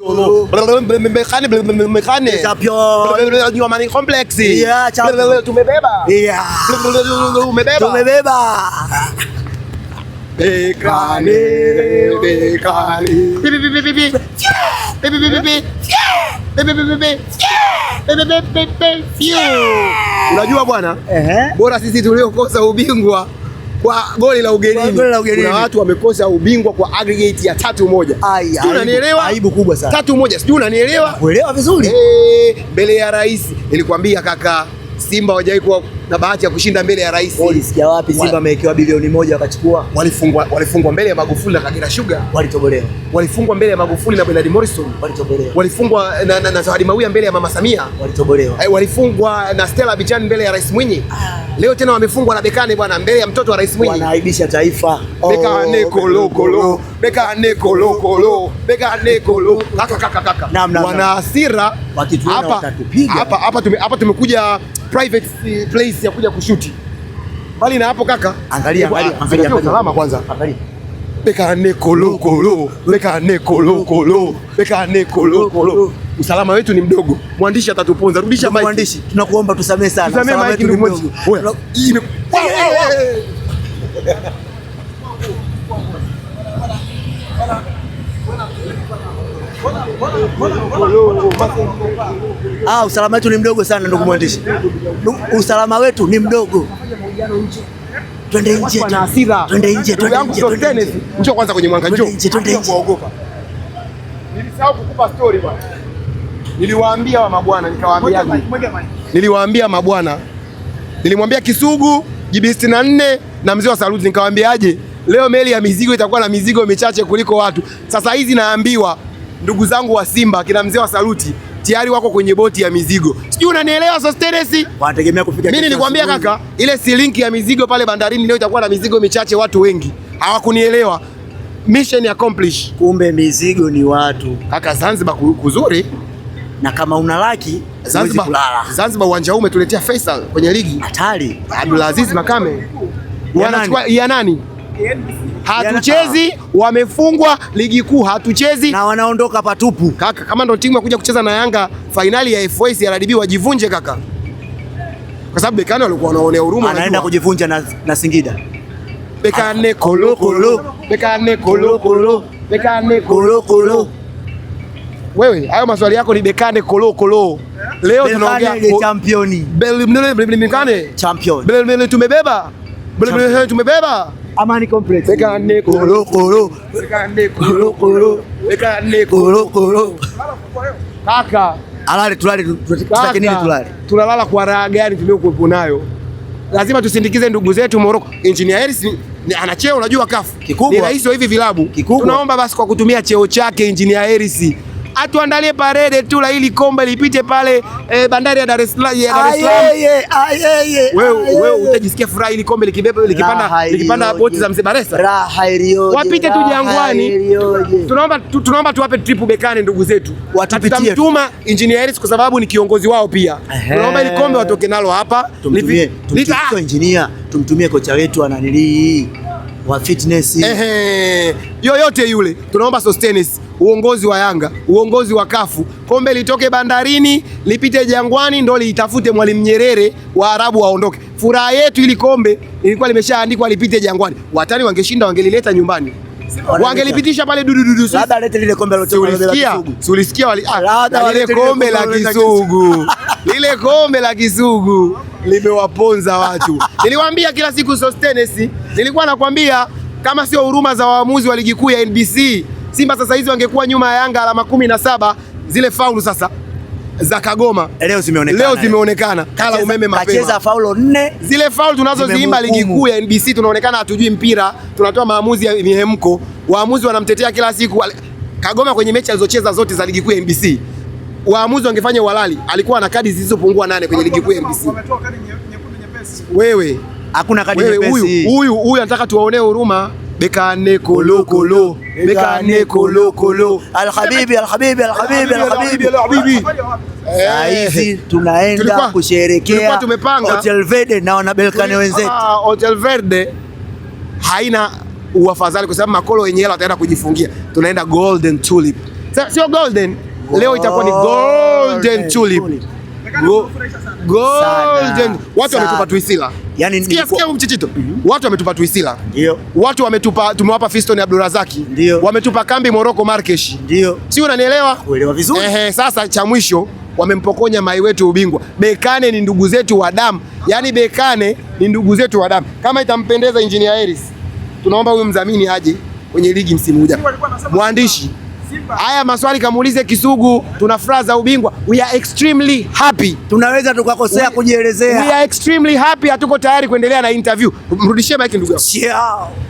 Mekani mekani, Nyuamani tumebeba. Mekani mekani. Unajua bwana? Bora sisi tuliokosa ubingwa kwa goli la ugenini. Kwa goli la ugenini. Kuna watu wamekosa ubingwa kwa aggregate ya tatu moja. Unanielewa? Aibu kubwa sana. Tatu moja, sijui unanielewa? Kuelewa vizuri. Eh, mbele ya rais nilikwambia kaka, Simba hawajawahi kuwa na bahati ya kushinda mbele ya rais. Ulisikia wapi Simba amewekewa bilioni moja wakachukua? Walifungwa, walifungwa mbele ya Magufuli na Kagera Sugar. Walitobolewa. Walifungwa mbele ya Magufuli na Bernard Morrison. Walitobolewa. Walifungwa na, na, na Zawadi Mawia mbele ya Mama Samia. Walitobolewa. Eh, walifungwa na Stella Bichani mbele ya Rais Mwinyi. Ah. Leo tena wamefungwa na Bekane bwana, mbele ya mtoto wa Rais Mwinyi. Wanaaibisha taifa. Bekane kolokolo, oh, kolo, Bekane kolo kolo, Bekane kolo. Kaka kaka kaka. Wana hasira. wakituona watatupiga hapa hapa tume hapa tumekuja private place ya kuja kushuti. Bali na hapo kaka. Angalia angalia. Angalia salama kwanza. Angalia. Bekane kolokolo, kolo, Bekane kolo kolo, Bekane kolo usalama wetu ni mdogo. Mwandishi atatuponza. Rudisha mic. Mwandishi, tunakuomba tusamee sana. Usalama wetu ni mdogo. Ah, usalama wetu ni mdogo sana ndugu mwandishi. Usalama wetu ni mdogo. Twende nje. Twende nje. Twende nje. Njoo kwanza kwenye mwanga, njoo. Twende nje. Nilisahau kukupa story bwana. Niliwaambia wa mabwana nikawaambia, niliwaambia mabwana, nilimwambia Kisugu jibi sitini na nne na mzee wa saruji nikawaambiaje, leo meli ya mizigo itakuwa na mizigo michache kuliko watu. Sasa hizi naambiwa ndugu zangu wa Simba kina mzee wa saruti tayari wako kwenye boti ya mizigo, sijui unanielewa. Sosteresi wanategemea kufika. Mimi nilikwambia kaka, ile silinki ya mizigo pale bandarini leo itakuwa na mizigo michache, watu wengi hawakunielewa. Mission accomplished. Kumbe mizigo ni watu kaka. Zanzibar kuzuri na kama una laki Zanzibar, Zanzibar uwanja huu umetuletea Faisal kwenye ligi hatari. Abdulaziz Makame wanachukua ya nani? Hatuchezi, wamefungwa ligi kuu, hatuchezi na wanaondoka patupu kaka. Kama ndo timu ya kuja kucheza na Yanga fainali ya FA CRDB wajivunje kaka, kwa sababu Bekane walikuwa wanaonea huruma, anaenda kujivunja na, na Singida Bekane kolokolo Bekane kolokolo Bekane kolokolo wewe hayo maswali yako ni bekane kolo kolo. Leo tunaongea championi. Bekane Champion. Bekane tumebeba. Bekane tumebeba. Amani Complex. Bekane kolo kolo. Bekane kolo kolo. Bekane kolo kolo. Kaka, Alali tulali tutake nini tulali? Tunalala kwa raha gani tuliyokuwepo nayo? Lazima tusindikize ndugu zetu Morocco. Engineer Hersi ana cheo unajua kafu. Kikubwa. Ni rais wa hivi vilabu. Kikubwa. Tunaomba basi kwa kutumia cheo chake Engineer Harris atuandalie parede tu la ili kombe lipite pale eh, bandari ya Dar es Salaam. Wewe wewe utajisikia furaha ili kombe likibeba likipanda likipanda boti za Mzee Baresa. Wapite tu Jangwani. Tunaomba tunaomba tuwape trip bekane ndugu zetu. Tutamtuma engineer kwa sababu ni kiongozi wao pia. Tunaomba ili kombe watoke nalo hapa. Tumtumie engineer, tumtumie kocha wetu ananilii wa fitness ehe, yoyote yule, tunaomba Sostenes, uongozi wa Yanga, uongozi wa Kafu, kombe litoke bandarini lipite Jangwani ndo liitafute Mwalimu Nyerere, wa arabu waondoke. Furaha yetu ili kombe lilikuwa limeshaandikwa lipite Jangwani. Watani wangeshinda wangelileta nyumbani wangelipitisha pale du. labda lete ah, lile kombe la Kisugu. Ulisikia wale, ah, lile kombe la Kisugu, lile kombe la Kisugu limewaponza watu. Niliwaambia kila siku Sostenes, nilikuwa nakwambia kama sio huruma za waamuzi wa ligi kuu ya NBC, Simba sasa hizi wangekuwa nyuma ya Yanga alama kumi na saba. Zile faulu sasa za Kagoma leo zimeonekana, leo zimeonekana kala umeme mapema, kacheza faulu nne. Zile faulu tunazoziimba ligi kuu ya NBC tunaonekana hatujui mpira, tunatoa maamuzi ya mihemko. Waamuzi wanamtetea kila siku Kagoma kwenye mechi alizocheza zote za ligi kuu ya NBC waamuzi wangefanya uhalali, alikuwa na kadi zilizopungua nane kwenye ligi kuu ya NBC. Wewe hakuna kadi nyepesi. Huyu huyu huyu anataka tuwaonee huruma. Beka ne kolo kolo, beka ne kolo kolo. Alhabibi, alhabibi, alhabibi, alhabibi, alhabibi. Saizi eh. tunaenda kusherehekea Hotel Verde na wana Belkane ah, wenzetu. Hotel Verde haina uafadhali kwa sababu makolo yenyewe ataenda kujifungia. Tunaenda Golden Tulip. Sio Golden leo itakuwa ni golden tulip. Go, golden. Watu wametupa tuisila, yani sikia sikia mchichito. mm -hmm. Watu wametupa tuisila, ndio watu wametupa, tumewapa Fiston Abdurazaki, ndio wametupa kambi Moroko Marrakesh, ndio si unanielewa? Kuelewa vizuri ehe. Sasa cha mwisho wamempokonya mai wetu ubingwa. Bekane ni ndugu zetu wa damu, yani Bekane ni ndugu zetu wa damu. Kama itampendeza Engineer Hersi, tunaomba huyu mdhamini aje kwenye ligi msimu ujao. Mwandishi Haya maswali kamuulize Kisugu, tuna furaha za ubingwa. We are extremely happy. Tunaweza tukakosea kujielezea. We are extremely happy, hatuko tayari kuendelea na interview. Mrudishie mic ndugu yangu.